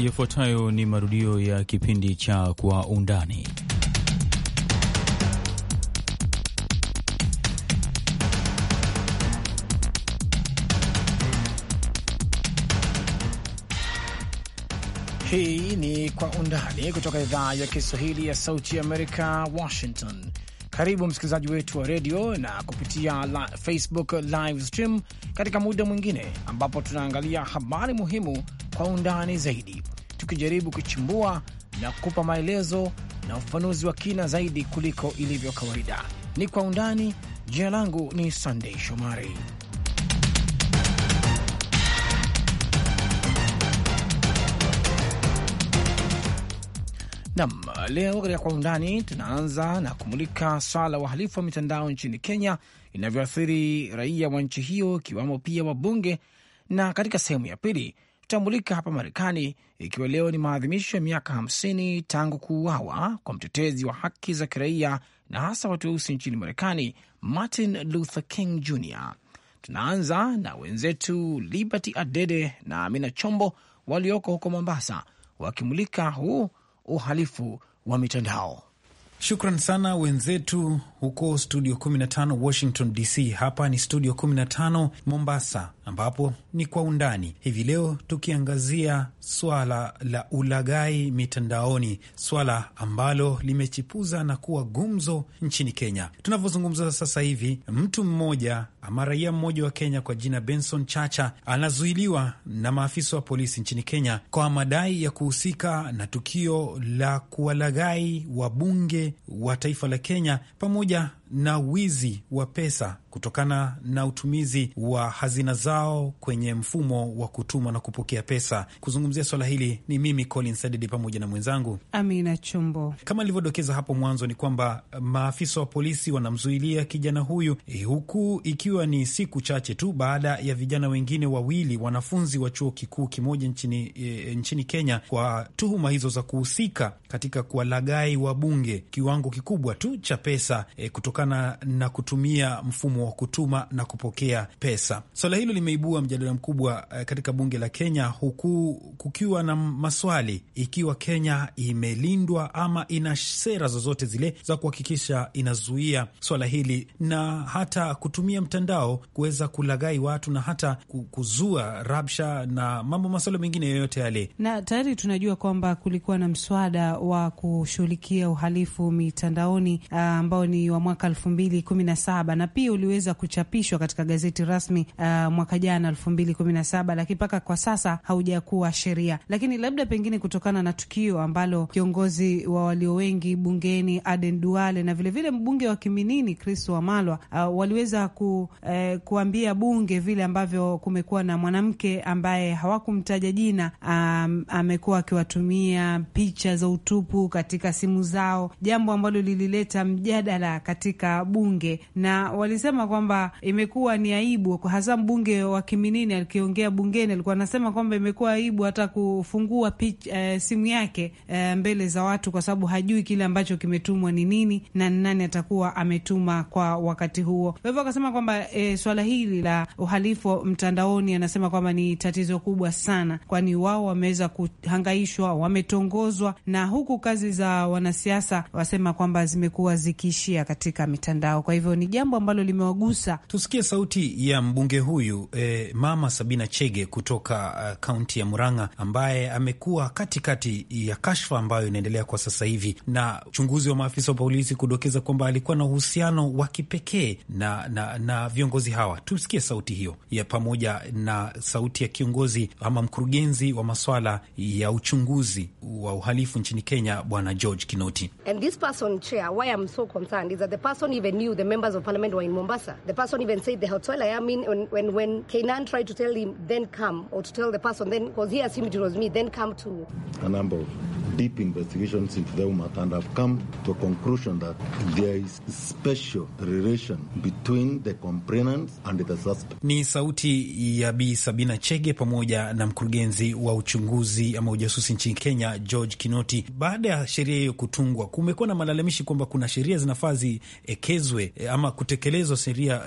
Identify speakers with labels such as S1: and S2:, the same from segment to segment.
S1: Yafuatayo ni marudio ya kipindi cha Kwa Undani. Hii ni Kwa Undani kutoka idhaa ya Kiswahili ya Sauti ya Amerika, Washington. Karibu msikilizaji wetu wa redio na kupitia la Facebook live stream katika muda mwingine ambapo tunaangalia habari muhimu kwa undani zaidi, tukijaribu kuchimbua na kupa maelezo na ufafanuzi wa kina zaidi kuliko ilivyo kawaida. Ni kwa undani. Jina langu ni Sandei Shomari. Nam, leo katika kwa undani tunaanza na kumulika swala la uhalifu wa mitandao nchini Kenya inavyoathiri raia wa nchi hiyo, ikiwamo pia wabunge, na katika sehemu ya pili kutambulika hapa Marekani, ikiwa leo ni maadhimisho ya miaka 50 tangu kuuawa kwa mtetezi wa haki za kiraia na hasa watu weusi nchini Marekani, Martin Luther King Jr. Tunaanza na wenzetu Liberty Adede na Amina Chombo walioko huko Mombasa wakimulika huu uhalifu wa mitandao.
S2: Shukran sana wenzetu huko studio 15 Washington DC. Hapa ni studio 15 Mombasa, ambapo ni kwa undani hivi leo, tukiangazia swala la ulaghai mitandaoni, swala ambalo limechipuza na kuwa gumzo nchini Kenya. Tunavyozungumza sasa hivi, mtu mmoja ama raia mmoja wa Kenya kwa jina Benson Chacha anazuiliwa na maafisa wa polisi nchini Kenya kwa madai ya kuhusika na tukio la kuwalaghai wabunge wa taifa la Kenya pamoja na wizi wa pesa kutokana na utumizi wa hazina zao kwenye mfumo wa kutuma na kupokea pesa. Kuzungumzia swala hili ni mimi Colin Sadidi pamoja na mwenzangu
S3: Amina Chumbo.
S2: Kama nilivyodokeza hapo mwanzo, ni kwamba maafisa wa polisi wanamzuilia kijana huyu eh, huku ikiwa ni siku chache tu baada ya vijana wengine wawili wanafunzi wa chuo kikuu kimoja nchini, e, nchini Kenya kwa tuhuma hizo za kuhusika katika kuwalagai wabunge kiwango kikubwa tu cha pesa e, eh, kutoka kutokana na kutumia mfumo wa kutuma na kupokea pesa. Swala hilo limeibua mjadala mkubwa eh, katika bunge la Kenya, huku kukiwa na maswali ikiwa Kenya imelindwa ama ina sera zozote zile za kuhakikisha inazuia swala hili na hata kutumia mtandao kuweza kulaghai watu na hata kuzua rabsha na mambo masuala mengine yoyote yale.
S3: Na tayari tunajua kwamba kulikuwa na mswada wa kushughulikia uhalifu mitandaoni ah, ambao ni wa mwaka mwaka elfu mbili kumi na saba na pia uliweza kuchapishwa katika gazeti rasmi uh, mwaka jana elfu mbili kumi na saba lakini mpaka kwa sasa haujakuwa sheria. Lakini labda pengine kutokana na tukio ambalo kiongozi wa walio wengi bungeni Aden Duale na vilevile vile mbunge wa Kiminini Chris Wamalwa uh, waliweza ku, uh, kuambia bunge vile ambavyo kumekuwa na mwanamke ambaye hawakumtaja jina um, amekuwa akiwatumia picha za utupu katika simu zao, jambo ambalo lilileta mjadala katika katika bunge, na walisema kwamba imekuwa ni aibu, hasa mbunge wa Kiminini alikiongea bungeni, alikuwa anasema kwamba imekuwa aibu hata kufungua pitch, e, simu yake e, mbele za watu, kwa sababu hajui kile ambacho kimetumwa ni nini na nani atakuwa ametuma kwa wakati huo. Kwa hivyo akasema kwamba e, swala hili la uhalifu mtandaoni, anasema kwamba ni tatizo kubwa sana, kwani wao wameweza kuhangaishwa, wametongozwa, na huku kazi za wanasiasa wasema kwamba zimekuwa zikiishia katika mitandao. Kwa hivyo ni jambo ambalo limewagusa. Tusikie
S2: sauti ya mbunge huyu eh, Mama Sabina Chege kutoka eh, kaunti uh, ya Murang'a ambaye amekuwa katikati ya kashfa ambayo inaendelea kwa sasa hivi na uchunguzi wa maafisa wa polisi kudokeza kwamba alikuwa na uhusiano wa kipekee na, na, na viongozi hawa. Tusikie sauti hiyo ya pamoja na sauti ya kiongozi ama mkurugenzi wa maswala ya uchunguzi wa uhalifu nchini Kenya, Bwana George Kinoti. And this person, chair, why I'm so concerned is that the person person even knew the members of parliament were in Mombasa. The person even said the hotel. I mean, when when, when Kainan tried to tell him, then come, or to tell the person, then, because he assumed it was me, then come to. A number of deep investigations into the UMAT and have come to a
S4: conclusion that there is special relation between the complainant and the suspect.
S2: Ni sauti ya Bi Sabina Chege pamoja na mkurugenzi wa uchunguzi ama ujasusi nchini Kenya George Kinoti. Baada ya sheria hiyo kutungwa, kumekuwa na malalamishi kwamba kuna sheria zinafaa ekezwe eh, ama kutekelezwa sheria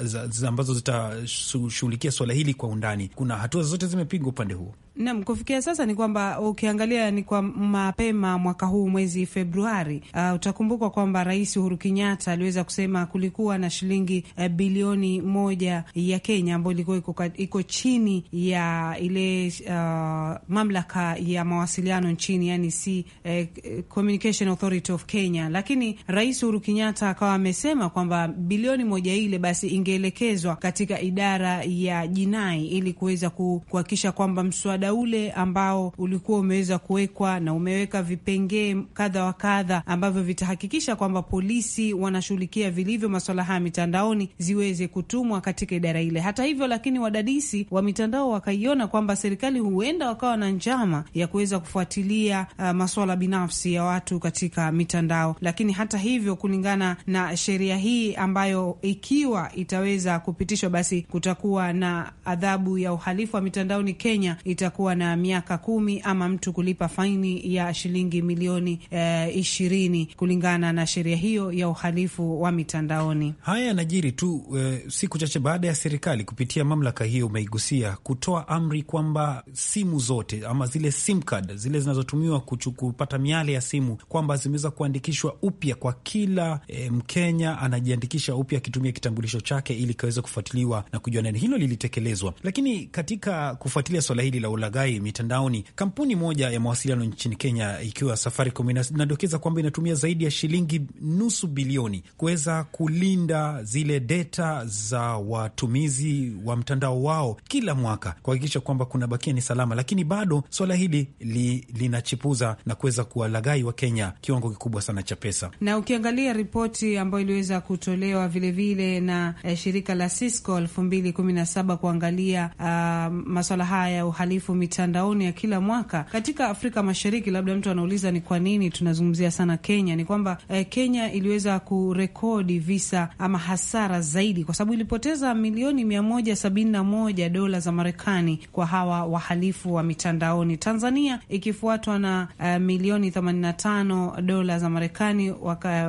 S2: ambazo zitashughulikia swala hili kwa undani. Kuna hatua zote zimepigwa upande huo.
S3: Nam, kufikia sasa ni kwamba ukiangalia ni kwa mapema mwaka huu mwezi Februari, uh, utakumbukwa kwamba Rais Uhuru Kenyatta aliweza kusema kulikuwa na shilingi uh, bilioni moja ya Kenya ambayo ilikuwa iko chini ya ile uh, mamlaka ya mawasiliano nchini, yani si uh, eh, Communication Authority of Kenya, lakini Rais Uhuru Kenyatta akawa amesema kwamba bilioni moja ile basi ingeelekezwa katika idara ya jinai ili kuweza kuhakikisha kwamba mswada mswada ule ambao ulikuwa umeweza kuwekwa na umeweka vipengee kadha wa kadha ambavyo vitahakikisha kwamba polisi wanashughulikia vilivyo maswala haya mitandaoni ziweze kutumwa katika idara ile. Hata hivyo lakini, wadadisi wa mitandao wakaiona kwamba serikali huenda wakawa na njama ya kuweza kufuatilia uh, maswala binafsi ya watu katika mitandao. Lakini hata hivyo, kulingana na sheria hii ambayo ikiwa itaweza kupitishwa, basi kutakuwa na adhabu ya uhalifu wa mitandaoni Kenya ita kuwa na miaka kumi ama mtu kulipa faini ya shilingi milioni eh, ishirini kulingana na sheria hiyo ya uhalifu wa mitandaoni.
S2: Haya yanajiri tu e, siku chache baada ya serikali kupitia mamlaka hiyo umeigusia kutoa amri kwamba simu zote ama zile sim card zile zinazotumiwa kupata miale ya simu kwamba zimeweza kuandikishwa upya kwa kila e, Mkenya anajiandikisha upya akitumia kitambulisho chake ili kaweze kufuatiliwa na kujua nani. Hilo lilitekelezwa, lakini katika kufuatilia swala hili la ulaghai mitandaoni. Kampuni moja ya mawasiliano nchini Kenya ikiwa Safaricom inadokeza kwamba inatumia zaidi ya shilingi nusu bilioni kuweza kulinda zile data za watumizi wa mtandao wao kila mwaka kuhakikisha kwamba kuna bakia ni salama, lakini bado swala hili li, linachipuza na kuweza kuwalaghai wa Kenya kiwango kikubwa sana cha pesa.
S3: Na ukiangalia ripoti ambayo iliweza kutolewa vilevile vile na eh, shirika la Cisco elfu mbili kumi na saba kuangalia uh, maswala haya ya uhalifu maelfu mitandaoni ya kila mwaka katika Afrika Mashariki. Labda mtu anauliza ni kwa nini tunazungumzia sana Kenya? Ni kwamba eh, Kenya iliweza kurekodi visa ama hasara zaidi, kwa sababu ilipoteza milioni mia moja sabini na moja dola za Marekani kwa hawa wahalifu wa mitandaoni, Tanzania ikifuatwa na eh, milioni 85 dola za Marekani,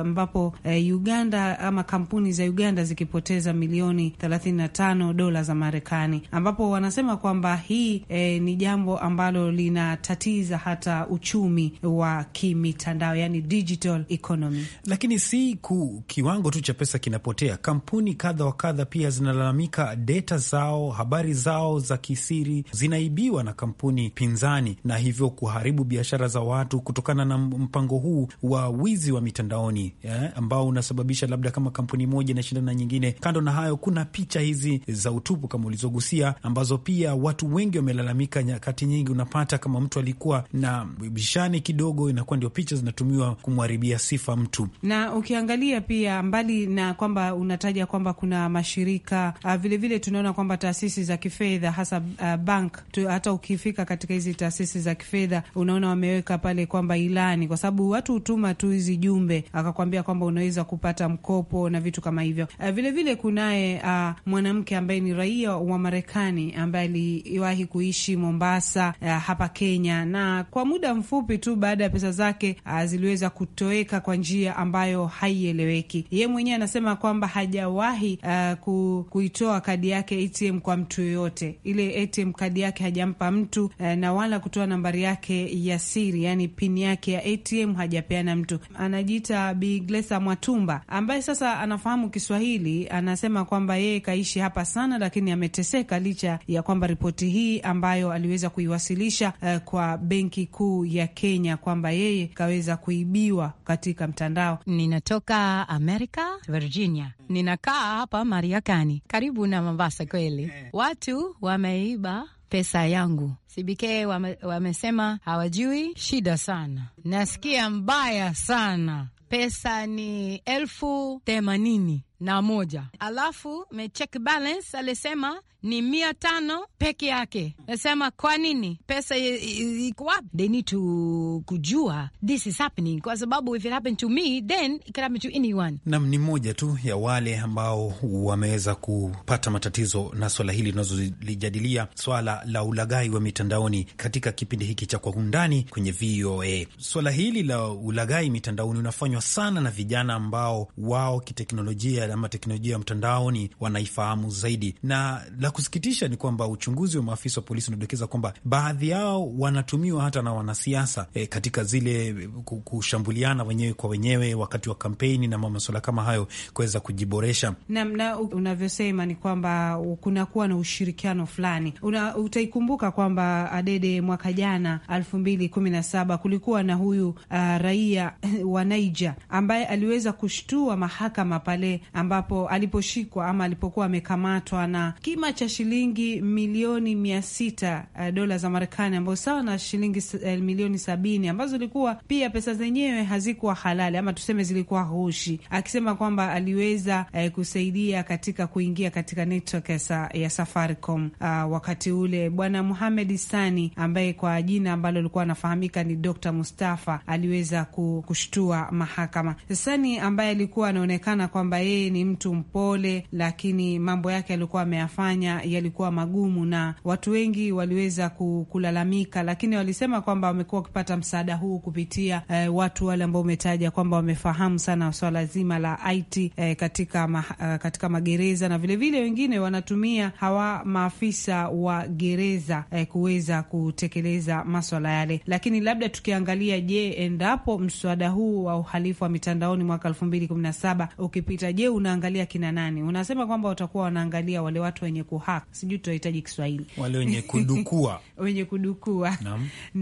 S3: ambapo eh, Uganda ama kampuni za Uganda zikipoteza milioni 35 dola za Marekani, ambapo wanasema kwamba hii eh, ni ni jambo ambalo linatatiza hata uchumi wa kimitandao, yani digital economy. Lakini
S2: si ku, kiwango tu cha pesa kinapotea. Kampuni kadha wa kadha pia zinalalamika data zao, habari zao za kisiri zinaibiwa na kampuni pinzani, na hivyo kuharibu biashara za watu kutokana na mpango huu wa wizi wa mitandaoni yeah, ambao unasababisha labda kama kampuni moja inashindana na nyingine. Kando na hayo, kuna picha hizi za utupu kama ulizogusia ambazo pia watu wengi wamelalamika nyakati nyingi unapata kama mtu alikuwa na bishani kidogo, inakuwa ndio picha zinatumiwa kumharibia sifa mtu.
S3: Na ukiangalia pia mbali na kwamba unataja kwamba kuna mashirika vilevile, ah, vile tunaona kwamba taasisi za kifedha hasa a, ah, bank tu, hata ukifika katika hizi taasisi za kifedha unaona wameweka pale kwamba ilani, kwa sababu watu hutuma tu hizi jumbe, akakwambia kwamba unaweza kupata mkopo na vitu kama hivyo. Vilevile ah, kunaye mwanamke ambaye ni raia wa Marekani ambaye aliwahi kuishi Mombasa uh, hapa Kenya, na kwa muda mfupi tu baada ya pesa zake uh, ziliweza kutoweka kwa njia ambayo haieleweki. Yeye mwenyewe anasema kwamba hajawahi uh, ku, kuitoa kadi yake ATM kwa mtu yoyote, ile ATM kadi yake hajampa mtu uh, na wala kutoa nambari yake ya siri, yani pini yake ya ATM hajapeana mtu. Anajiita Bi Glesa Mwatumba ambaye sasa anafahamu Kiswahili, anasema kwamba yeye kaishi hapa sana, lakini ameteseka licha ya kwamba ripoti hii ambayo aliweza kuiwasilisha uh, kwa Benki Kuu ya Kenya kwamba yeye kaweza kuibiwa katika mtandao. Ninatoka Amerika, Virginia, ninakaa hapa Mariakani karibu na Mombasa. Kweli eh. watu wameiba pesa yangu. CBK wamesema wame hawajui, shida sana, nasikia mbaya sana. Pesa ni elfu themanini na moja alafu check balance alisema ni mia tano peke yake. Nasema kwa nini pesa iko wapi? They need to kujua this is happening, kwa sababu if it happened to me then it can happen to anyone.
S2: Nam ni moja tu ya wale ambao wameweza kupata matatizo na swala hili tunazolijadilia, swala la ulagai wa mitandaoni katika kipindi hiki cha Kwa Undani kwenye VOA. Swala hili la ulagai mitandaoni unafanywa sana na vijana ambao wao kiteknolojia ama teknolojia ya mtandaoni wanaifahamu zaidi. Na la kusikitisha ni kwamba uchunguzi wa maafisa wa polisi unadokeza kwamba baadhi yao wanatumiwa hata na wanasiasa e, katika zile eh, kushambuliana wenyewe kwa wenyewe wakati wa kampeni na maswala kama hayo kuweza kujiboresha.
S3: Namna unavyosema ni kwamba kunakuwa na ushirikiano fulani. Una, utaikumbuka kwamba Adede mwaka jana elfu mbili kumi na saba kulikuwa na huyu uh, raia eh, wa Niger ambaye aliweza kushtua mahakama pale ambapo aliposhikwa ama alipokuwa amekamatwa na kima cha shilingi milioni mia sita uh, dola za Marekani, ambayo sawa na shilingi uh, milioni sabini ambazo zilikuwa pia pesa zenyewe hazikuwa halali ama tuseme zilikuwa hushi, akisema kwamba aliweza uh, kusaidia katika kuingia katika network ya Safaricom uh, wakati ule bwana Muhamed Sani ambaye kwa jina ambalo alikuwa anafahamika ni Dr. Mustafa aliweza kushtua mahakama. Sani ambaye alikuwa anaonekana kwamba yeye ni mtu mpole, lakini mambo yake alikuwa ameyafanya yalikuwa magumu, na watu wengi waliweza kulalamika, lakini walisema kwamba wamekuwa wakipata msaada huu kupitia eh, watu wale ambao umetaja kwamba wamefahamu sana swala zima la IT eh, katika, ma, eh, katika magereza na vilevile vile wengine wanatumia hawa maafisa wa gereza eh, kuweza kutekeleza maswala yale. Lakini labda tukiangalia, je, endapo mswada huu wa uhalifu wa mitandaoni mwaka elfu mbili kumi na saba ukipita, je unaangalia kina nani? Unasema kwamba watakuwa wanaangalia wale watu wenye kuhack, sijui tutahitaji Kiswahili, wale wenye kudukua wenye kudukua,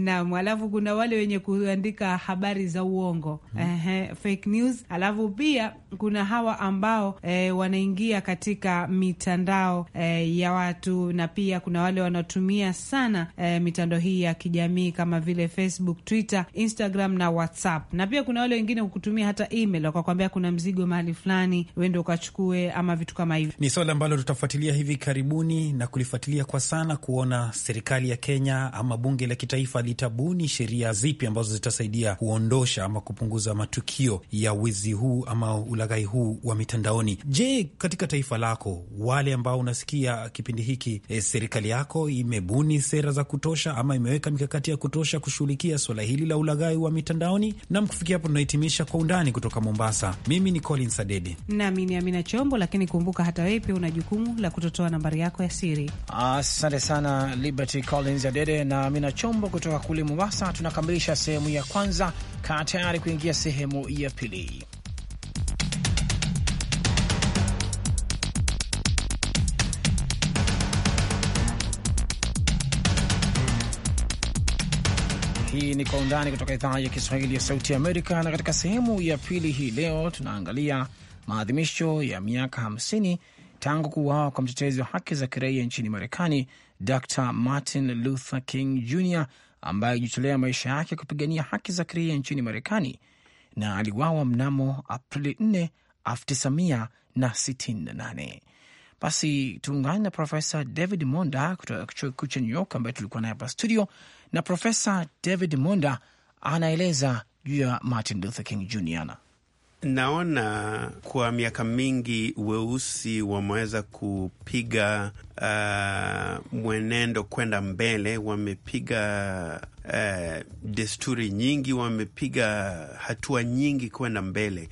S3: naam. Alafu kuna wale wenye kuandika habari za uongo -hmm. uh, fake news. Alafu pia kuna hawa ambao eh, wanaingia katika mitandao eh, ya watu, na pia kuna wale wanaotumia sana eh, mitandao hii ya kijamii kama vile Facebook, Twitter, Instagram na WhatsApp, na pia kuna wale wengine kutumia hata email wakakwambia kuna mzigo mahali fulani uende ukachukue ama vitu kama hivyo.
S2: Ni swala ambalo tutafuatilia hivi karibuni na kulifuatilia kwa sana, kuona serikali ya Kenya ama bunge la kitaifa litabuni sheria zipi ambazo zitasaidia kuondosha ama kupunguza matukio ya wizi huu ama ulaghai huu wa mitandaoni. Je, katika taifa lako wale ambao unasikia kipindi hiki e, serikali yako imebuni sera za kutosha ama imeweka mikakati ya kutosha kushughulikia swala hili la ulaghai wa mitandaoni? Nam, kufikia hapo tunahitimisha Kwa Undani kutoka Mombasa. Mimi
S1: ni Colin Sadedi
S3: na nami ni Amina Chombo, lakini kumbuka hata wewe pia una jukumu la kutotoa nambari yako
S1: ya siri. Asante sana Liberty Collins Adede na Amina Chombo kutoka kule Mombasa. Tunakamilisha sehemu ya kwanza, kaa tayari kuingia sehemu ya pili. Hii ni Kwa Undani kutoka idhaa ya Kiswahili ya Sauti ya Amerika, na katika sehemu ya pili hii leo tunaangalia maadhimisho ya miaka 50 tangu kuuawa kwa mtetezi wa haki za kiraia nchini Marekani Dr Martin Luther King Jr ambaye alijitolea maisha yake kupigania haki za kiraia nchini Marekani na aliwawa mnamo Aprili 4, 1968. Basi tuungane na Profesa David Monda kutoka chuo kikuu cha New York ambaye tulikuwa naye hapa studio, na Profesa David Monda anaeleza juu ya Martin Luther King Jr.
S5: Naona kwa miaka mingi weusi wameweza kupiga uh, mwenendo kwenda mbele, wamepiga uh, desturi nyingi, wamepiga hatua nyingi kwenda mbele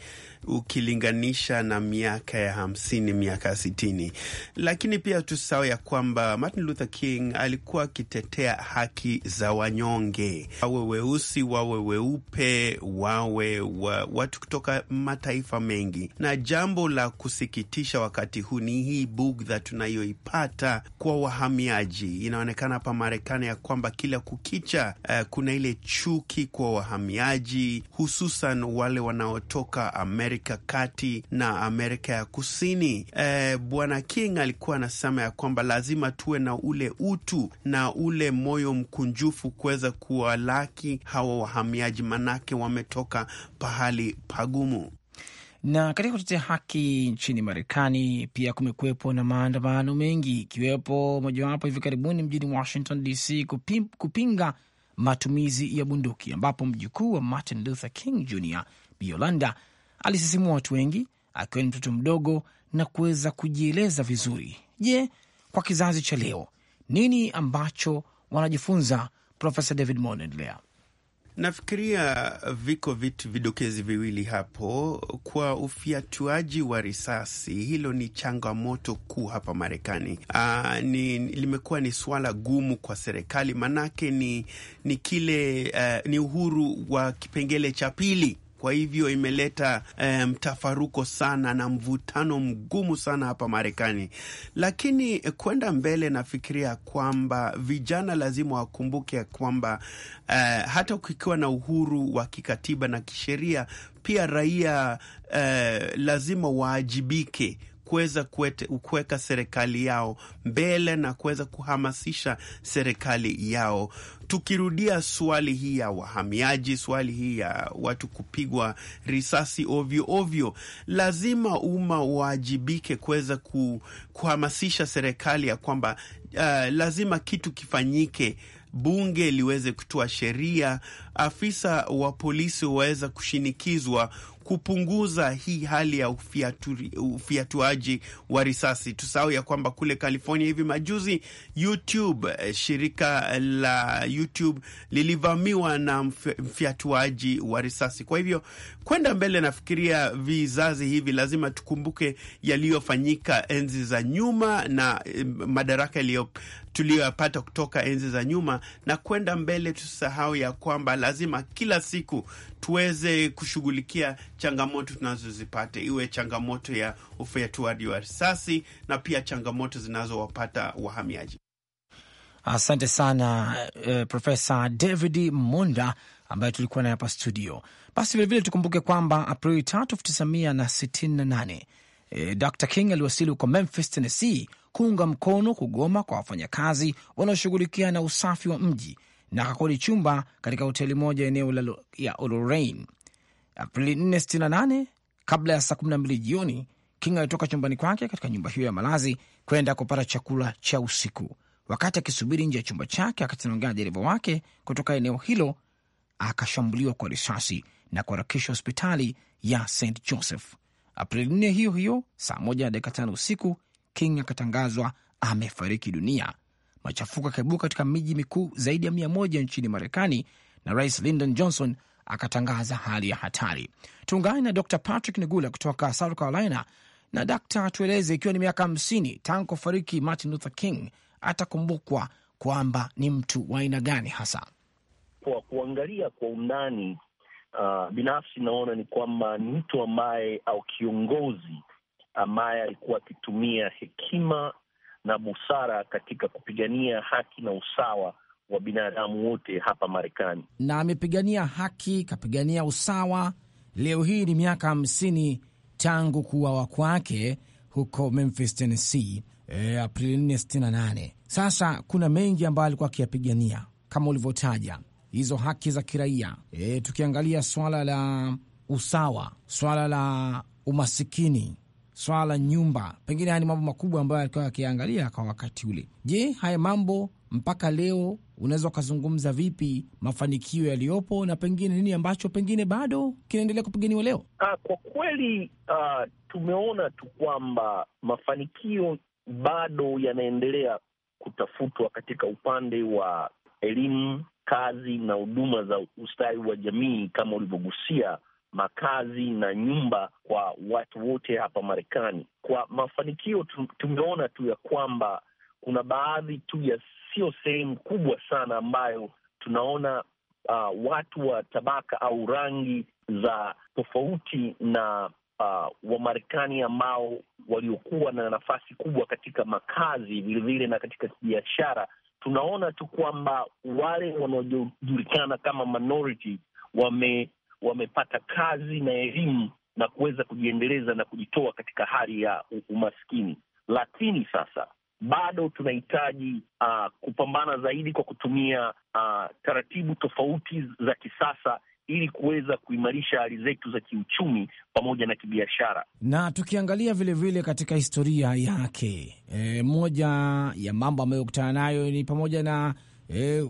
S5: ukilinganisha na miaka ya hamsini, miaka ya sitini. Lakini pia tusahau ya kwamba Martin Luther King alikuwa akitetea haki za wanyonge, wawe weusi, wawe weupe, wawe wa, watu kutoka mataifa mengi. Na jambo la kusikitisha wakati huu ni hii bugdha tunayoipata kwa wahamiaji. Inaonekana hapa Marekani ya kwamba kila kukicha, uh, kuna ile chuki kwa wahamiaji, hususan wale wanaotoka Amerika Afrika Kati na Amerika ya Kusini. E, Bwana King alikuwa anasema ya kwamba lazima tuwe na ule utu na ule moyo mkunjufu kuweza kuwalaki hawa wahamiaji, manake wametoka pahali pagumu
S1: na katika kutetea haki nchini Marekani pia kumekuwepo na maandamano mengi, ikiwepo mojawapo hivi karibuni mjini Washington DC kupinga matumizi ya bunduki, ambapo mjukuu wa Martin Luther King Jr. Biolanda alisisimua watu wengi, akiwa ni mtoto mdogo na kuweza kujieleza vizuri. Je, kwa kizazi cha leo nini ambacho wanajifunza? Profesa David Mo
S5: Nafikiria viko vitu vidokezi viwili hapo. Kwa ufiatuaji wa risasi, hilo ni changamoto kuu hapa Marekani. ni, limekuwa ni swala gumu kwa serikali, manake ni, ni kile uh, ni uhuru wa kipengele cha pili kwa hivyo imeleta eh, mtafaruko um, sana na mvutano mgumu sana hapa Marekani, lakini kwenda mbele, nafikiria kwamba vijana lazima wakumbuke ya kwamba uh, hata ukikiwa na uhuru wa kikatiba na kisheria pia raia eh, lazima waajibike kuweza kuweka serikali yao mbele na kuweza kuhamasisha serikali yao. Tukirudia swali hii ya wahamiaji, swali hii ya watu kupigwa risasi ovyo ovyo, lazima umma uwajibike kuweza kuhamasisha serikali ya kwamba uh, lazima kitu kifanyike, bunge liweze kutoa sheria afisa wa polisi waweza kushinikizwa kupunguza hii hali ya ufiatu, ufiatuaji wa risasi. Tusahau ya kwamba kule California hivi majuzi YouTube, eh, shirika la YouTube lilivamiwa na mfiatuaji wa risasi. Kwa hivyo kwenda mbele, nafikiria vizazi hivi lazima tukumbuke yaliyofanyika enzi za nyuma na eh, madaraka tuliyoyapata kutoka enzi za nyuma, na kwenda mbele tusahau ya kwamba lazima kila siku tuweze kushughulikia changamoto tunazozipata, iwe changamoto ya ufyatuaji wa risasi na pia changamoto zinazowapata wahamiaji.
S1: Asante sana uh, eh, Profesa David Monda ambaye tulikuwa naye hapa studio. Basi vilevile tukumbuke kwamba Aprili 3 elfu eh, Dr King aliwasili huko Memphis, Tennessee kuunga mkono kugoma kwa wafanyakazi wanaoshughulikia na usafi wa mji na akakodi chumba katika hoteli moja eneo ya Olorraine. Aprili 468 kabla ya saa 12 jioni, King alitoka chumbani kwake katika nyumba hiyo ya malazi kwenda kupata chakula cha usiku. Wakati akisubiri nje ya chumba chake, akatinongea anaongea na dereva wake kutoka eneo hilo, akashambuliwa kwa risasi na kuharakishwa hospitali ya St Joseph. Aprili 4 hiyo hiyo, saa moja na dakika tano usiku, King akatangazwa amefariki dunia Machafuko yakaibuka katika miji mikuu zaidi ya mia moja nchini Marekani na Rais Lyndon Johnson akatangaza hali ya hatari. Tuungane na Dr Patrick Negula kutoka South Carolina. Na dakta, tueleze, ikiwa ni miaka hamsini tangu kufariki Martin Luther King, atakumbukwa kwamba ni mtu wa aina gani hasa?
S4: Kwa kuangalia kwa undani, uh, binafsi naona ni kwamba ni mtu ambaye au kiongozi ambaye alikuwa akitumia hekima na busara katika kupigania haki na usawa wa binadamu wote hapa Marekani,
S1: na amepigania haki, kapigania usawa. Leo hii ni miaka hamsini tangu kuuawa kwake huko Memphis, Tennessee, e, Aprili 4, 68. Sasa kuna mengi ambayo alikuwa akiyapigania kama ulivyotaja hizo haki za kiraia e, tukiangalia swala la usawa, swala la umasikini swala la nyumba, pengine haya ni mambo makubwa ambayo alikuwa akiangalia kwa wakati ule. Je, haya mambo mpaka leo unaweza ukazungumza vipi mafanikio
S4: yaliyopo na pengine nini ambacho pengine bado kinaendelea kupiganiwa leo? Ah, kwa kweli uh, tumeona tu kwamba mafanikio bado yanaendelea kutafutwa katika upande wa elimu, kazi na huduma za ustawi wa jamii kama ulivyogusia makazi na nyumba kwa watu wote hapa Marekani. Kwa mafanikio tumeona tu ya kwamba kuna baadhi tu ya sio sehemu kubwa sana ambayo tunaona uh, watu wa tabaka au rangi za tofauti na uh, Wamarekani ambao waliokuwa na nafasi kubwa katika makazi vilevile na katika biashara. Tunaona tu kwamba wale wanaojulikana kama minority wame wamepata kazi na elimu na kuweza kujiendeleza na kujitoa katika hali ya umaskini. Lakini sasa bado tunahitaji uh, kupambana zaidi kwa kutumia uh, taratibu tofauti za kisasa ili kuweza kuimarisha hali zetu za kiuchumi pamoja na kibiashara.
S1: Na tukiangalia vilevile vile katika historia yake, e, moja ya mambo ambayo kutana nayo ni pamoja na e,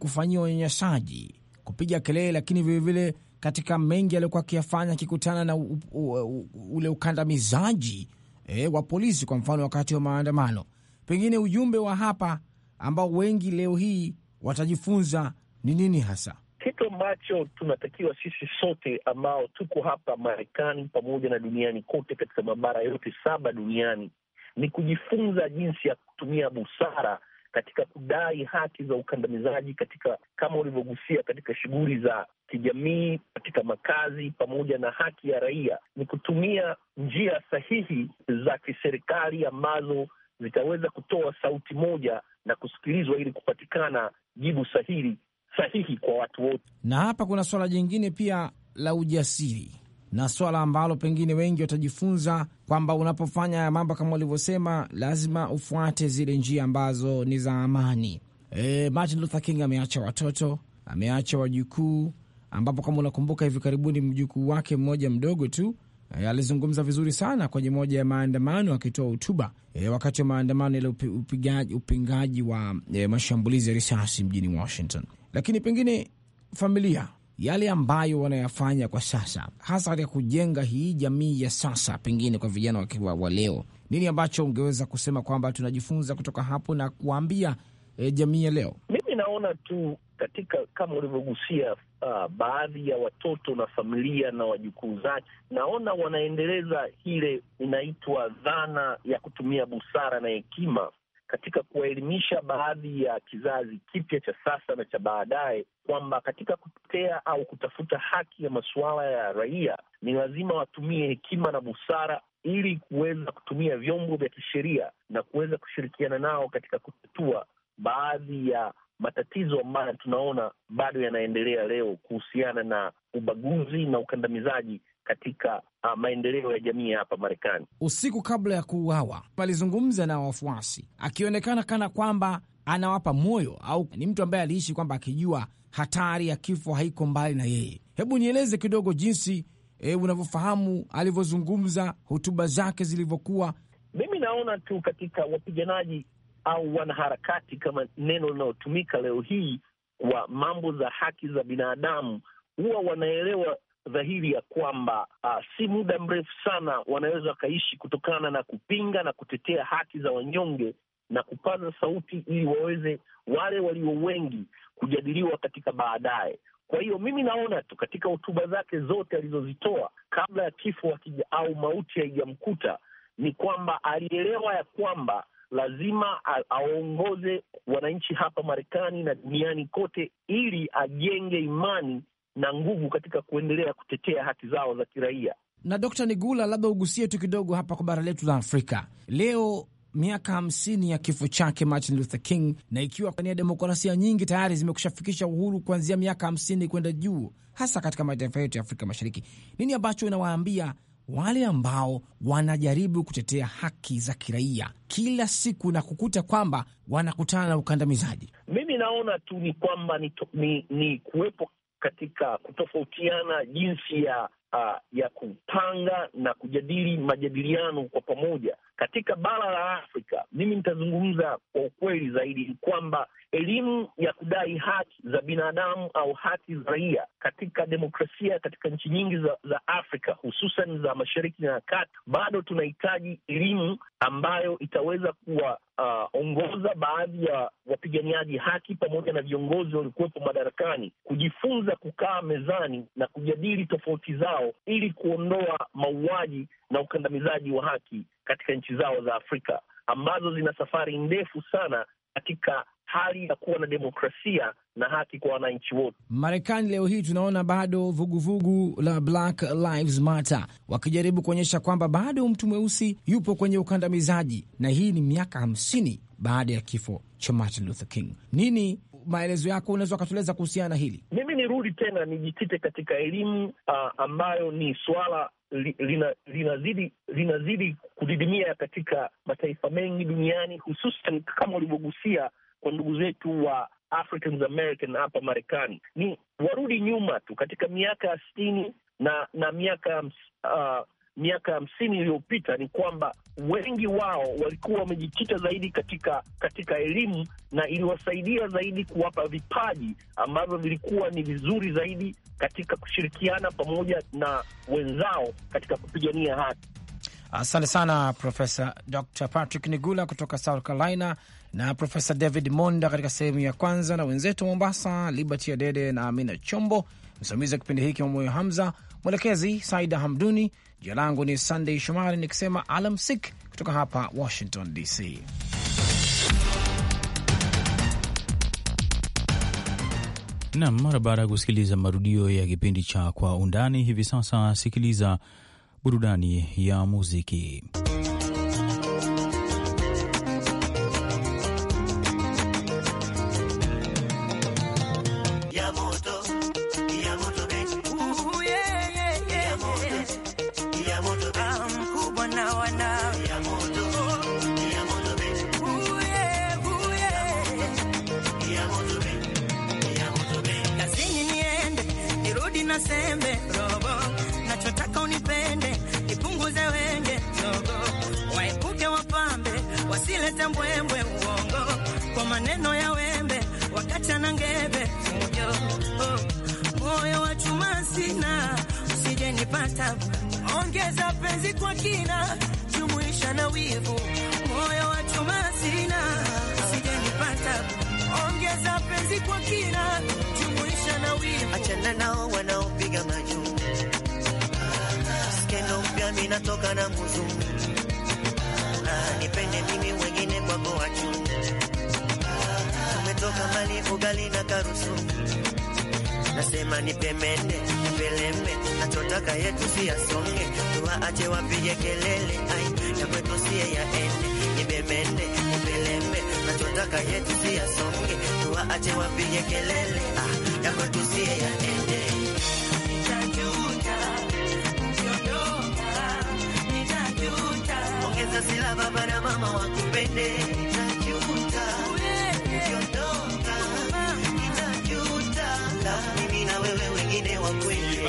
S1: kufanyiwa unyanyasaji, kupiga kelele, lakini vilevile vile katika mengi aliyokuwa akiyafanya akikutana na u, u, u, ule ukandamizaji e, wa polisi, kwa mfano wakati wa maandamano. Pengine ujumbe wa hapa ambao wengi leo hii watajifunza ni nini hasa?
S4: Kitu ambacho tunatakiwa sisi sote ambao tuko hapa Marekani pamoja na duniani kote katika mabara yote saba duniani ni kujifunza jinsi ya kutumia busara katika kudai haki za ukandamizaji katika kama ulivyogusia katika shughuli za kijamii, katika makazi, pamoja na haki ya raia, ni kutumia njia sahihi za kiserikali ambazo zitaweza kutoa sauti moja na kusikilizwa ili kupatikana jibu sahihi sahihi kwa watu wote.
S1: Na hapa kuna suala jingine pia la ujasiri na swala ambalo pengine wengi watajifunza kwamba unapofanya mambo kama ulivyosema, lazima ufuate zile njia ambazo ni za amani. E, Martin Luther King ameacha watoto, ameacha wajukuu, ambapo kama unakumbuka hivi karibuni mjukuu wake mmoja mdogo tu e, alizungumza vizuri sana kwenye moja ya maandamano akitoa hutuba e, wakati wa maandamano ile upi, upingaji wa e, mashambulizi ya risasi mjini Washington. Lakini pengine familia yale ambayo wanayafanya kwa sasa, hasa katika kujenga hii jamii ya sasa, pengine kwa vijana wakiwa wa leo, nini ambacho ungeweza kusema kwamba tunajifunza kutoka hapo na kuambia e, jamii ya leo?
S4: Mimi naona tu katika kama ulivyogusia uh, baadhi ya watoto na familia na wajukuu zake, naona wanaendeleza ile inaitwa dhana ya kutumia busara na hekima katika kuwaelimisha baadhi ya kizazi kipya cha sasa na cha baadaye kwamba katika kutetea au kutafuta haki ya masuala ya raia ni lazima watumie hekima na busara ili kuweza kutumia vyombo vya kisheria na kuweza kushirikiana nao katika kutatua baadhi ya matatizo ambayo tunaona bado yanaendelea leo kuhusiana na ubaguzi na ukandamizaji katika uh, maendeleo ya jamii hapa Marekani.
S1: Usiku kabla ya kuuawa alizungumza na wafuasi akionekana kana kwamba anawapa moyo au ni mtu ambaye aliishi kwamba akijua hatari ya kifo haiko mbali na yeye. Hebu nieleze kidogo jinsi e, unavyofahamu alivyozungumza,
S4: hotuba zake zilivyokuwa. Mimi naona tu katika wapiganaji au wanaharakati, kama neno linalotumika leo hii, kwa mambo za haki za binadamu, huwa wanaelewa dhahiri ya kwamba uh, si muda mrefu sana wanaweza wakaishi kutokana na kupinga na kutetea haki za wanyonge na kupaza sauti ili waweze wale walio wengi kujadiliwa katika baadaye. Kwa hiyo mimi naona tu katika hotuba zake zote alizozitoa kabla ya kifo au mauti haijamkuta ni kwamba alielewa ya kwamba lazima aongoze wananchi hapa Marekani na duniani kote, ili ajenge imani na nguvu katika kuendelea kutetea haki zao za kiraia.
S1: Na d Nigula, labda ugusie tu kidogo hapa kwa bara letu la Afrika leo miaka hamsini ya kifo chake Martin Luther King, na ikiwa nia demokrasia nyingi tayari zimekushafikisha uhuru kuanzia miaka hamsini kwenda juu, hasa katika mataifa yetu ya Afrika Mashariki, nini ambacho inawaambia wale ambao wanajaribu kutetea haki za kiraia kila siku na kukuta kwamba wanakutana na ukandamizaji?
S4: Mimi naona tu ni kwamba ni, ni, ni kuwepo katika kutofautiana jinsi ya uh, ya kupanga na kujadili majadiliano kwa pamoja katika bara la Afrika, mimi nitazungumza kwa ukweli zaidi, ni kwamba elimu ya kudai haki za binadamu au haki za raia katika demokrasia katika nchi nyingi za, za Afrika hususan za mashariki na kati, bado tunahitaji elimu ambayo itaweza kuwaongoza uh, baadhi ya wapiganiaji haki pamoja na viongozi waliokuwepo madarakani kujifunza kukaa mezani na kujadili tofauti zao ili kuondoa mauaji na ukandamizaji wa haki katika nchi zao za Afrika ambazo zina safari ndefu sana katika hali ya kuwa na demokrasia na haki kwa wananchi wote. Marekani
S1: leo hii tunaona bado vuguvugu vugu la Black Lives Matter wakijaribu kuonyesha kwamba bado mtu mweusi yupo kwenye ukandamizaji, na hii ni miaka hamsini baada ya kifo cha Martin Luther King. Nini maelezo yako unaweza ukatueleza kuhusiana na hili?
S4: Mimi nirudi tena nijikite katika elimu uh, ambayo ni swala linazidi lina lina kudidimia katika mataifa mengi duniani, hususan kama ulivyogusia kwa ndugu zetu wa African American hapa Marekani. Ni warudi nyuma tu katika miaka ya sitini na na miaka uh, miaka hamsini iliyopita ni kwamba wengi wao walikuwa wamejikita zaidi katika katika elimu na iliwasaidia zaidi kuwapa vipaji ambavyo vilikuwa ni vizuri zaidi katika kushirikiana pamoja na wenzao katika kupigania haki.
S1: Asante sana Profesa Dr Patrick Nigula kutoka South Carolina na Profesa David Monda katika sehemu ya kwanza, na wenzetu Mombasa, Liberty Adede na Amina Chombo, msimamizi wa kipindi hiki Mamoyo Hamza, mwelekezi Saida Hamduni. Jina langu ni Sunday Shomari nikisema alamsik kutoka hapa Washington DC.
S5: Nam, mara baada ya kusikiliza
S1: marudio ya kipindi cha Kwa Undani, hivi sasa sikiliza burudani ya muziki.
S2: sembe robo, nachotaka unipende, nipunguze wenge zogo, waepuke wapambe, wasilete mbwembwe uongo, kwa maneno ya wembe wakacha na ngebe fujo. Oh, moyo wa chuma sina, usije nipata, ongeza penzi kwa kina, jumuisha na wivu, moyo wa chuma sina,
S5: usije nipata, ongeza penzi kwa kina achana nao wanaopiga maju skendo mpya minatoka na muzungu ah, nipende mimi wengine kwako wachu umetoka mali ugali na karusu nasema nipemende nipelembe nachotaka yetu siyasonge tuwaache wapige kelele ai ya kwetu siye yaende nibebende nipelembe na tunataka yetu si yasonge, tuwaache wapige kelele ah, yako tusiye yaende ongeza sila baba na mama wakupende wengine wakweli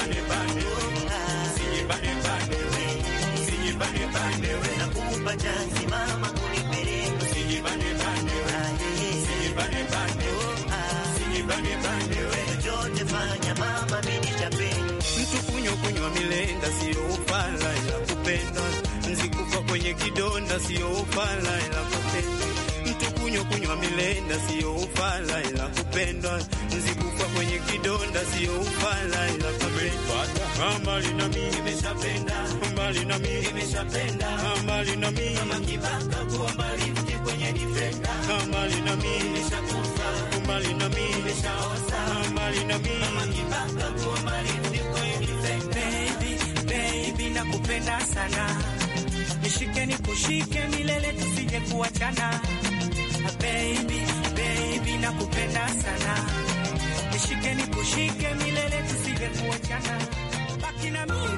S5: sio ufala, ila kupenda. Nzikufa kwenye kidonda, sio ufala, ila kupenda. Mtu kunywa kunywa milenda, sio ufala, ila kupenda. Nzikufa kwenye kidonda, sio ufala, ila kupenda. Mbali na mimi nimeshapenda, mbali na mimi nimeshapenda, mbali na mimi kama kibaka kuwa mbali mke kwenye difenda, mbali na mimi nimeshakufa, mbali na mimi nimeshaosa, mbali na mimi kama kibaka kuwa mbali nakupenda sana,
S2: nishike nikushike milele tusije kuachana. Baby, baby, nakupenda sana, nishike nikushike milele
S5: tusije kuachana, baki na mimi